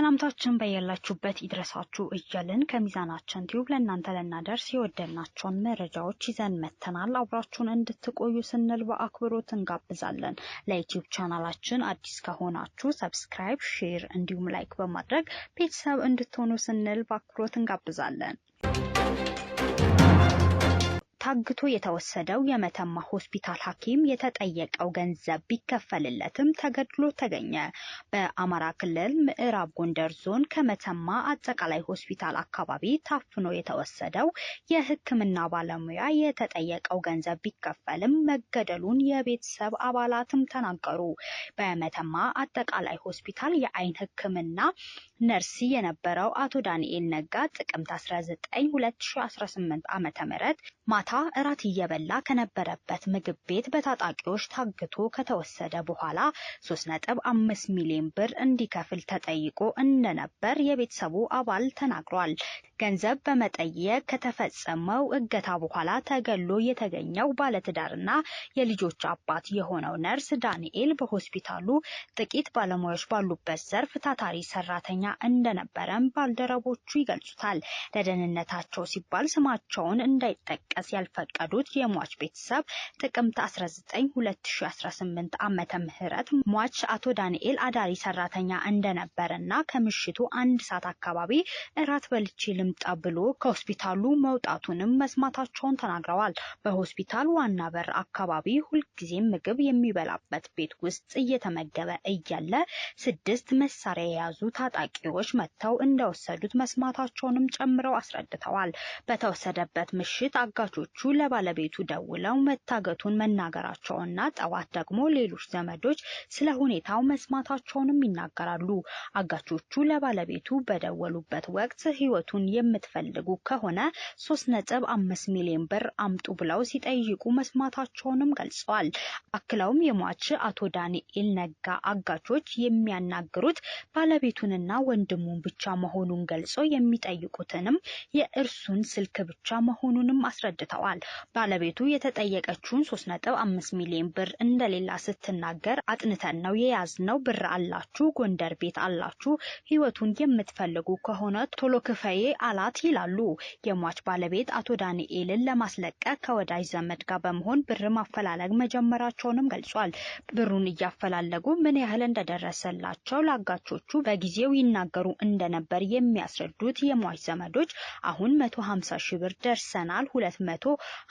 ሰላምታችን በያላችሁበት ይድረሳችሁ እያለን ከሚዛናችን ቲዩብ ለእናንተ ልናደርስ የወደድናቸውን መረጃዎች ይዘን መተናል። አብራችሁን እንድትቆዩ ስንል በአክብሮት እንጋብዛለን። ለዩቲዩብ ቻናላችን አዲስ ከሆናችሁ ሰብስክራይብ፣ ሼር እንዲሁም ላይክ በማድረግ ቤተሰብ እንድትሆኑ ስንል በአክብሮት እንጋብዛለን። ታግቶ የተወሰደው የመተማ ሆስፒታል ሐኪም የተጠየቀው ገንዘብ ቢከፈልለትም ተገድሎ ተገኘ። በአማራ ክልል ምዕራብ ጎንደር ዞን ከመተማ አጠቃላይ ሆስፒታል አካባቢ ታፍኖ የተወሰደው የሕክምና ባለሙያ የተጠየቀው ገንዘብ ቢከፈልም መገደሉን የቤተሰብ አባላትም ተናገሩ። በመተማ አጠቃላይ ሆስፒታል የአይን ሕክምና ነርሲ የነበረው አቶ ዳንኤል ነጋ ጥቅምት 19 2018 ዓ.ም ማታ ማታ እራት እየበላ ከነበረበት ምግብ ቤት በታጣቂዎች ታግቶ ከተወሰደ በኋላ 3.5 ሚሊዮን ብር እንዲከፍል ተጠይቆ እንደነበር የቤተሰቡ አባል ተናግሯል። ገንዘብ በመጠየቅ ከተፈጸመው እገታ በኋላ ተገሎ የተገኘው ባለትዳርና የልጆች አባት የሆነው ነርስ ዳንኤል በሆስፒታሉ ጥቂት ባለሙያዎች ባሉበት ዘርፍ ታታሪ ሰራተኛ እንደነበረም ባልደረቦቹ ይገልጹታል። ለደህንነታቸው ሲባል ስማቸውን እንዳይጠቀስ ያልፈቀዱት የሟች ቤተሰብ ጥቅምት 19 2018 ዓመተ ምህረት ሟች አቶ ዳንኤል አዳሪ ሰራተኛ እንደነበረና ከምሽቱ አንድ ሰዓት አካባቢ እራት በልቼ ልምጣ ብሎ ከሆስፒታሉ መውጣቱንም መስማታቸውን ተናግረዋል። በሆስፒታል ዋና በር አካባቢ ሁልጊዜም ምግብ የሚበላበት ቤት ውስጥ እየተመገበ እያለ ስድስት መሳሪያ የያዙ ታጣቂዎች መጥተው እንደወሰዱት መስማታቸውንም ጨምረው አስረድተዋል። በተወሰደበት ምሽት አጋቾቹ ለባለቤቱ ደውለው መታገቱን መናገራቸውና ጠዋት ደግሞ ሌሎች ዘመዶች ስለ ሁኔታው መስማታቸውንም ይናገራሉ። አጋቾቹ ለባለቤቱ በደወሉበት ወቅት ህይወቱን የምትፈልጉ ከሆነ 3.5 ሚሊዮን ብር አምጡ ብለው ሲጠይቁ መስማታቸውንም ገልጸዋል። አክለውም የሟች አቶ ዳንኤል ነጋ አጋቾች የሚያናግሩት ባለቤቱንና ወንድሙን ብቻ መሆኑን ገልጾ የሚጠይቁትንም የእርሱን ስልክ ብቻ መሆኑንም አስረድተዋል። ባለቤቱ የተጠየቀችውን 3.5 ሚሊዮን ብር እንደሌላ ስትናገር አጥንተን ነው የያዝነው፣ ብር አላችሁ፣ ጎንደር ቤት አላችሁ፣ ህይወቱን የምትፈልጉ ከሆነ ቶሎ ክፈዬ አላት ይላሉ። የሟች ባለቤት አቶ ዳንኤልን ለማስለቀቅ ከወዳጅ ዘመድ ጋር በመሆን ብር ማፈላለግ መጀመራቸውንም ገልጿል። ብሩን እያፈላለጉ ምን ያህል እንደደረሰላቸው ለአጋቾቹ በጊዜው ይናገሩ እንደነበር የሚያስረዱት የሟች ዘመዶች አሁን ሀምሳ ሺ ብር ደርሰናል፣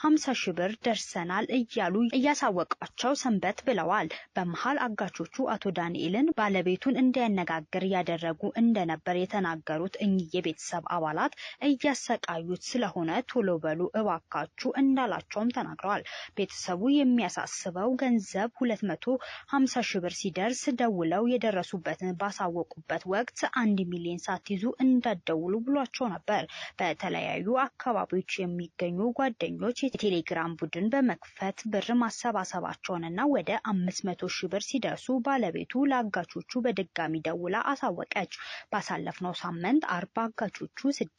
ሀምሳ ሺ ብር ደርሰናል እያሉ እያሳወቃቸው ሰንበት ብለዋል። በመሀል አጋቾቹ አቶ ዳንኤልን ባለቤቱን እንዲያነጋግር ያደረጉ እንደነበር የተናገሩት እኚህ የቤተሰብ አባላት አባላት እያሰቃዩት ስለሆነ ቶሎ በሉ እባካችሁ እንዳላቸውም ተናግረዋል። ቤተሰቡ የሚያሳስበው ገንዘብ 250 ሺህ ብር ሲደርስ ደውለው የደረሱበትን ባሳወቁበት ወቅት አንድ ሚሊዮን ሳትይዙ እንዳደውሉ ብሏቸው ነበር። በተለያዩ አካባቢዎች የሚገኙ ጓደኞች የቴሌግራም ቡድን በመክፈት ብር ማሰባሰባቸውንና ወደ 500 ሺህ ብር ሲደርሱ ባለቤቱ ለአጋቾቹ በድጋሚ ደውላ አሳወቀች። ባሳለፍነው ሳምንት አርባ አጋቾቹ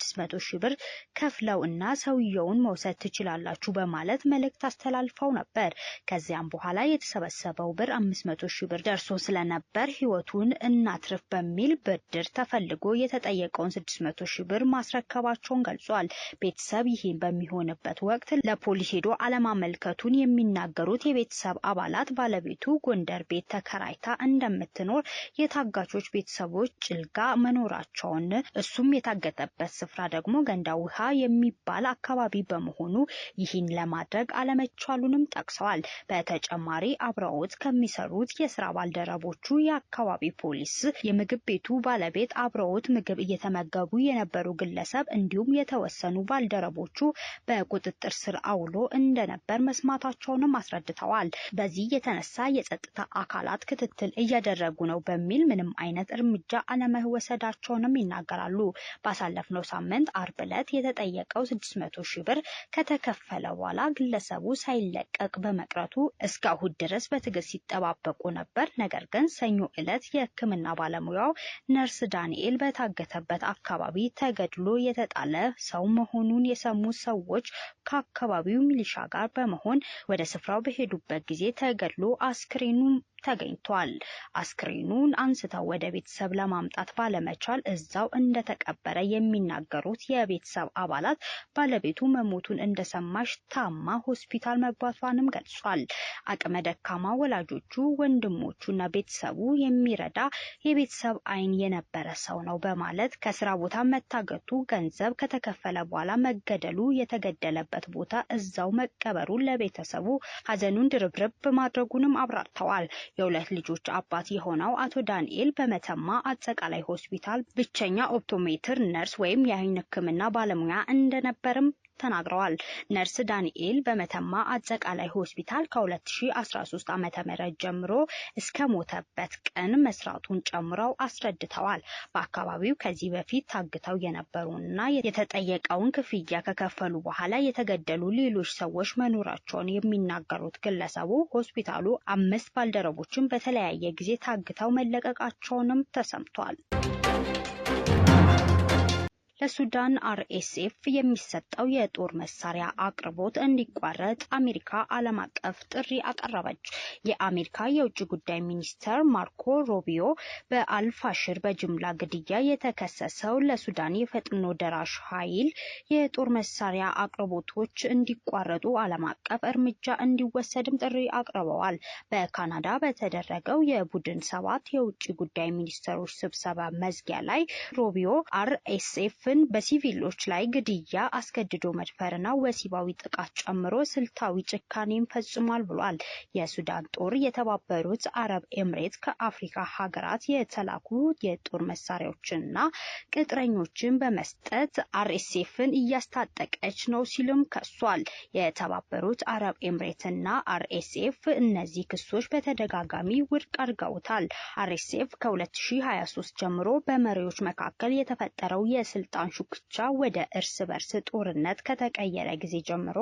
ስድስት መቶ ሺህ ብር ከፍለው እና ሰውየውን መውሰድ ትችላላችሁ በማለት መልእክት አስተላልፈው ነበር። ከዚያም በኋላ የተሰበሰበው ብር አምስት መቶ ሺህ ብር ደርሶ ስለነበር ህይወቱን እናትርፍ በሚል ብድር ተፈልጎ የተጠየቀውን ስድስት መቶ ሺህ ብር ማስረከባቸውን ገልጿል። ቤተሰብ ይህን በሚሆንበት ወቅት ለፖሊስ ሄዶ አለማመልከቱን የሚናገሩት የቤተሰብ አባላት ባለቤቱ ጎንደር ቤት ተከራይታ እንደምትኖር የታጋቾች ቤተሰቦች ጭልጋ መኖራቸውን እሱም የታገጠበት ስፍራ ደግሞ ገንዳ ውሃ የሚባል አካባቢ በመሆኑ ይህን ለማድረግ አለመቻሉንም ጠቅሰዋል። በተጨማሪ አብረውት ከሚሰሩት የስራ ባልደረቦቹ የአካባቢ ፖሊስ፣ የምግብ ቤቱ ባለቤት፣ አብረውት ምግብ እየተመገቡ የነበሩ ግለሰብ እንዲሁም የተወሰኑ ባልደረቦቹ በቁጥጥር ስር አውሎ እንደነበር መስማታቸውንም አስረድተዋል። በዚህ የተነሳ የጸጥታ አካላት ክትትል እያደረጉ ነው በሚል ምንም አይነት እርምጃ አለመወሰዳቸውንም ይናገራሉ። ባሳለፍነው ሳምንት አርብ ዕለት የተጠየቀው 600 ሺህ ብር ከተከፈለ በኋላ ግለሰቡ ሳይለቀቅ በመቅረቱ እስከ እሁድ ድረስ በትዕግስት ሲጠባበቁ ነበር። ነገር ግን ሰኞ ዕለት የሕክምና ባለሙያው ነርስ ዳንኤል በታገተበት አካባቢ ተገድሎ የተጣለ ሰው መሆኑን የሰሙ ሰዎች ከአካባቢው ሚሊሻ ጋር በመሆን ወደ ስፍራው በሄዱበት ጊዜ ተገድሎ አስክሬኑ ተገኝቷል። አስክሬኑን አንስተው ወደ ቤተሰብ ለማምጣት ባለመቻል እዛው እንደተቀበረ የሚናገሩት የቤተሰብ አባላት ባለቤቱ መሞቱን እንደሰማች ታማ ሆስፒታል መግባቷንም ገልጿል። አቅመ ደካማ ወላጆቹ፣ ወንድሞቹና ቤተሰቡ የሚረዳ የቤተሰብ አይን የነበረ ሰው ነው በማለት ከስራ ቦታ መታገቱ፣ ገንዘብ ከተከፈለ በኋላ መገደሉ፣ የተገደለበት ቦታ እዛው መቀበሩ ለቤተሰቡ ሀዘኑን ድርብርብ ማድረጉንም አብራርተዋል። የሁለት ልጆች አባት የሆነው አቶ ዳንኤል በመተማ አጠቃላይ ሆስፒታል ብቸኛ ኦፕቶሜትር ነርስ ወይም የአይን ሕክምና ባለሙያ እንደነበርም ተናግረዋል። ነርስ ዳንኤል በመተማ አጠቃላይ ሆስፒታል ከ2013 ዓ ም ጀምሮ እስከ ሞተበት ቀን መስራቱን ጨምረው አስረድተዋል። በአካባቢው ከዚህ በፊት ታግተው የነበሩና የተጠየቀውን ክፍያ ከከፈሉ በኋላ የተገደሉ ሌሎች ሰዎች መኖራቸውን የሚናገሩት ግለሰቡ ሆስፒታሉ አምስት ባልደረቦችን በተለያየ ጊዜ ታግተው መለቀቃቸውንም ተሰምቷል። ለሱዳን አርኤስኤፍ የሚሰጠው የጦር መሳሪያ አቅርቦት እንዲቋረጥ አሜሪካ ዓለም አቀፍ ጥሪ አቀረበች። የአሜሪካ የውጭ ጉዳይ ሚኒስተር ማርኮ ሮቢዮ በአልፋሽር በጅምላ ግድያ የተከሰሰው ለሱዳን የፈጥኖ ደራሽ ኃይል የጦር መሳሪያ አቅርቦቶች እንዲቋረጡ ዓለም አቀፍ እርምጃ እንዲወሰድም ጥሪ አቅርበዋል። በካናዳ በተደረገው የቡድን ሰባት የውጭ ጉዳይ ሚኒስተሮች ስብሰባ መዝጊያ ላይ ሮቢዮ አርኤስኤፍ ግፍን በሲቪሎች ላይ ግድያ፣ አስገድዶ መድፈርና ወሲባዊ ጥቃት ጨምሮ ስልታዊ ጭካኔን ፈጽሟል ብሏል። የሱዳን ጦር የተባበሩት አረብ ኤምሬት ከአፍሪካ ሀገራት የተላኩ የጦር መሳሪያዎችንና ቅጥረኞችን በመስጠት አርኤስኤፍን እያስታጠቀች ነው ሲልም ከሷል። የተባበሩት አረብ ኤምሬትና አርኤስኤፍ እነዚህ ክሶች በተደጋጋሚ ውድቅ አድርገውታል። አርኤስኤፍ ከ2023 ጀምሮ በመሪዎች መካከል የተፈጠረው የስልጣ የስልጣን ሹክቻ ወደ እርስ በርስ ጦርነት ከተቀየረ ጊዜ ጀምሮ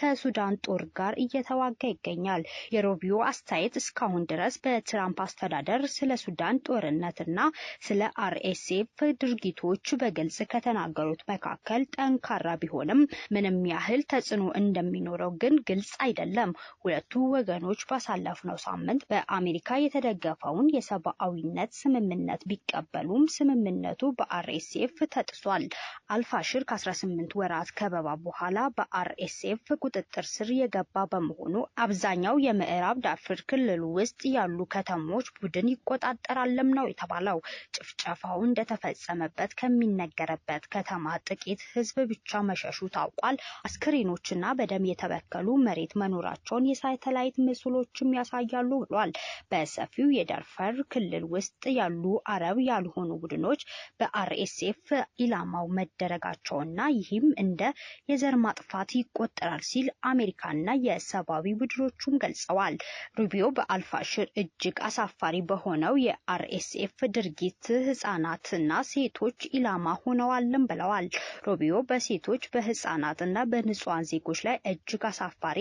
ከሱዳን ጦር ጋር እየተዋጋ ይገኛል። የሮቢዮ አስተያየት እስካሁን ድረስ በትራምፕ አስተዳደር ስለ ሱዳን ጦርነትና ስለ አርኤስኤፍ ድርጊቶች በግልጽ ከተናገሩት መካከል ጠንካራ ቢሆንም ምንም ያህል ተጽዕኖ እንደሚኖረው ግን ግልጽ አይደለም። ሁለቱ ወገኖች ባሳለፍነው ሳምንት በአሜሪካ የተደገፈውን የሰብአዊነት ስምምነት ቢቀበሉም ስምምነቱ በአርኤስኤፍ ተጥሷል። ገልጿል። አልፋሽር ከ18 ወራት ከበባ በኋላ በአርኤስኤፍ ቁጥጥር ስር የገባ በመሆኑ አብዛኛው የምዕራብ ዳርፉር ክልል ውስጥ ያሉ ከተሞች ቡድን ይቆጣጠራለም ነው የተባለው። ጭፍጨፋው እንደተፈጸመበት ከሚነገርበት ከተማ ጥቂት ህዝብ ብቻ መሸሹ ታውቋል። አስክሬኖችና በደም የተበከሉ መሬት መኖራቸውን የሳተላይት ምስሎችም ያሳያሉ ብሏል። በሰፊው የዳርፈር ክልል ውስጥ ያሉ አረብ ያልሆኑ ቡድኖች በአርኤስኤፍ ኢላማ ኢላማው መደረጋቸውና ይህም እንደ የዘር ማጥፋት ይቆጠራል ሲል አሜሪካና የሰብአዊ ቡድኖቹም ገልጸዋል። ሩቢዮ በአልፋሽር እጅግ አሳፋሪ በሆነው የአርኤስኤፍ ድርጊት ህጻናትና ሴቶች ኢላማ ሆነዋልም ብለዋል። ሩቢዮ በሴቶች በህጻናትና በንጹሐን ዜጎች ላይ እጅግ አሳፋሪ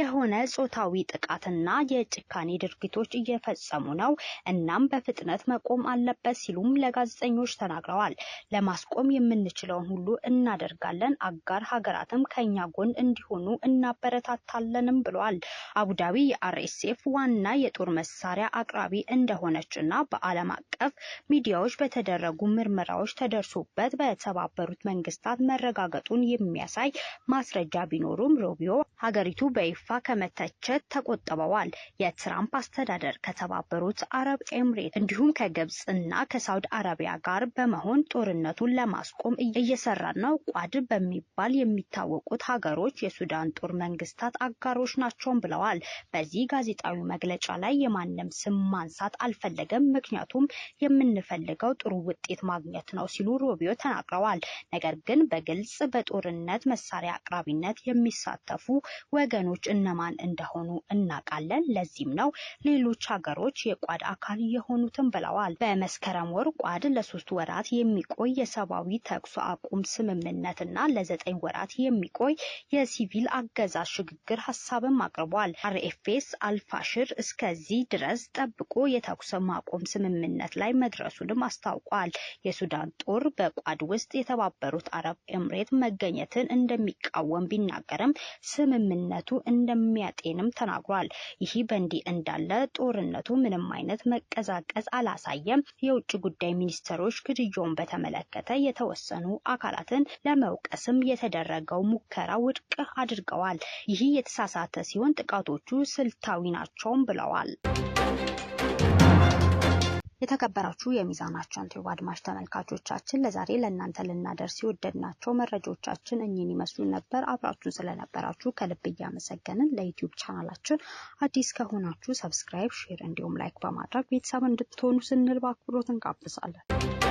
የሆነ ጾታዊ ጥቃትና የጭካኔ ድርጊቶች እየፈጸሙ ነው፣ እናም በፍጥነት መቆም አለበት ሲሉም ለጋዜጠኞች ተናግረዋል። ለማስቆም የምንችለውን ሁሉ እናደርጋለን፣ አጋር ሀገራትም ከኛ ጎን እንዲሆኑ እናበረታታለንም ብለዋል። አቡዳቢ የአርኤስኤፍ ዋና የጦር መሳሪያ አቅራቢ እንደሆነች እና በዓለም አቀፍ ሚዲያዎች በተደረጉ ምርመራዎች ተደርሶበት በተባበሩት መንግስታት መረጋገጡን የሚያሳይ ማስረጃ ቢኖሩም ሮቢዮ ሀገሪቱ በይፋ ከመተቸት ተቆጥበዋል። የትራምፕ አስተዳደር ከተባበሩት አረብ ኤምሬት እንዲሁም ከግብፅ እና ከሳውዲ አረቢያ ጋር በመሆን ጦርነቱን ለማስ ለማስቆም እየሰራን ነው። ቋድ በሚባል የሚታወቁት ሀገሮች የሱዳን ጦር መንግስታት አጋሮች ናቸውም ብለዋል። በዚህ ጋዜጣዊ መግለጫ ላይ የማንም ስም ማንሳት አልፈለገም። ምክንያቱም የምንፈልገው ጥሩ ውጤት ማግኘት ነው ሲሉ ሮቢዮ ተናግረዋል። ነገር ግን በግልጽ በጦርነት መሳሪያ አቅራቢነት የሚሳተፉ ወገኖች እነማን እንደሆኑ እናውቃለን። ለዚህም ነው ሌሎች ሀገሮች የቋድ አካል የሆኑትም ብለዋል። በመስከረም ወር ቋድ ለሶስት ወራት የሚቆይ የሰብአዊ ተኩስ አቁም ስምምነትና ለዘጠኝ ወራት የሚቆይ የሲቪል አገዛዝ ሽግግር ሀሳብም አቅርቧል። አርኤፍኤስ አልፋሽር እስከዚህ ድረስ ጠብቆ የተኩስ ማቆም ስምምነት ላይ መድረሱንም አስታውቋል። የሱዳን ጦር በቋድ ውስጥ የተባበሩት አረብ ኤምሬት መገኘትን እንደሚቃወም ቢናገርም ስምምነቱ እንደሚያጤንም ተናግሯል። ይህ በእንዲህ እንዳለ ጦርነቱ ምንም አይነት መቀዛቀዝ አላሳየም። የውጭ ጉዳይ ሚኒስትሮች ግድያውን በተመለከተ የተወ የተወሰኑ አካላትን ለመውቀስም የተደረገው ሙከራ ውድቅ አድርገዋል። ይህ የተሳሳተ ሲሆን ጥቃቶቹ ስልታዊ ናቸውም ብለዋል። የተከበራችሁ የሚዛናችን ቲዩብ አድማጭ ተመልካቾቻችን ለዛሬ ለእናንተ ልናደርስ የወደድናቸው መረጃዎቻችን እኚህን ይመስሉ ነበር። አብራችሁን ስለነበራችሁ ከልብ እያመሰገንን ለዩቲዩብ ቻናላችን አዲስ ከሆናችሁ ሰብስክራይብ፣ ሼር እንዲሁም ላይክ በማድረግ ቤተሰብ እንድትሆኑ ስንል በአክብሮት እንጋብዛለን።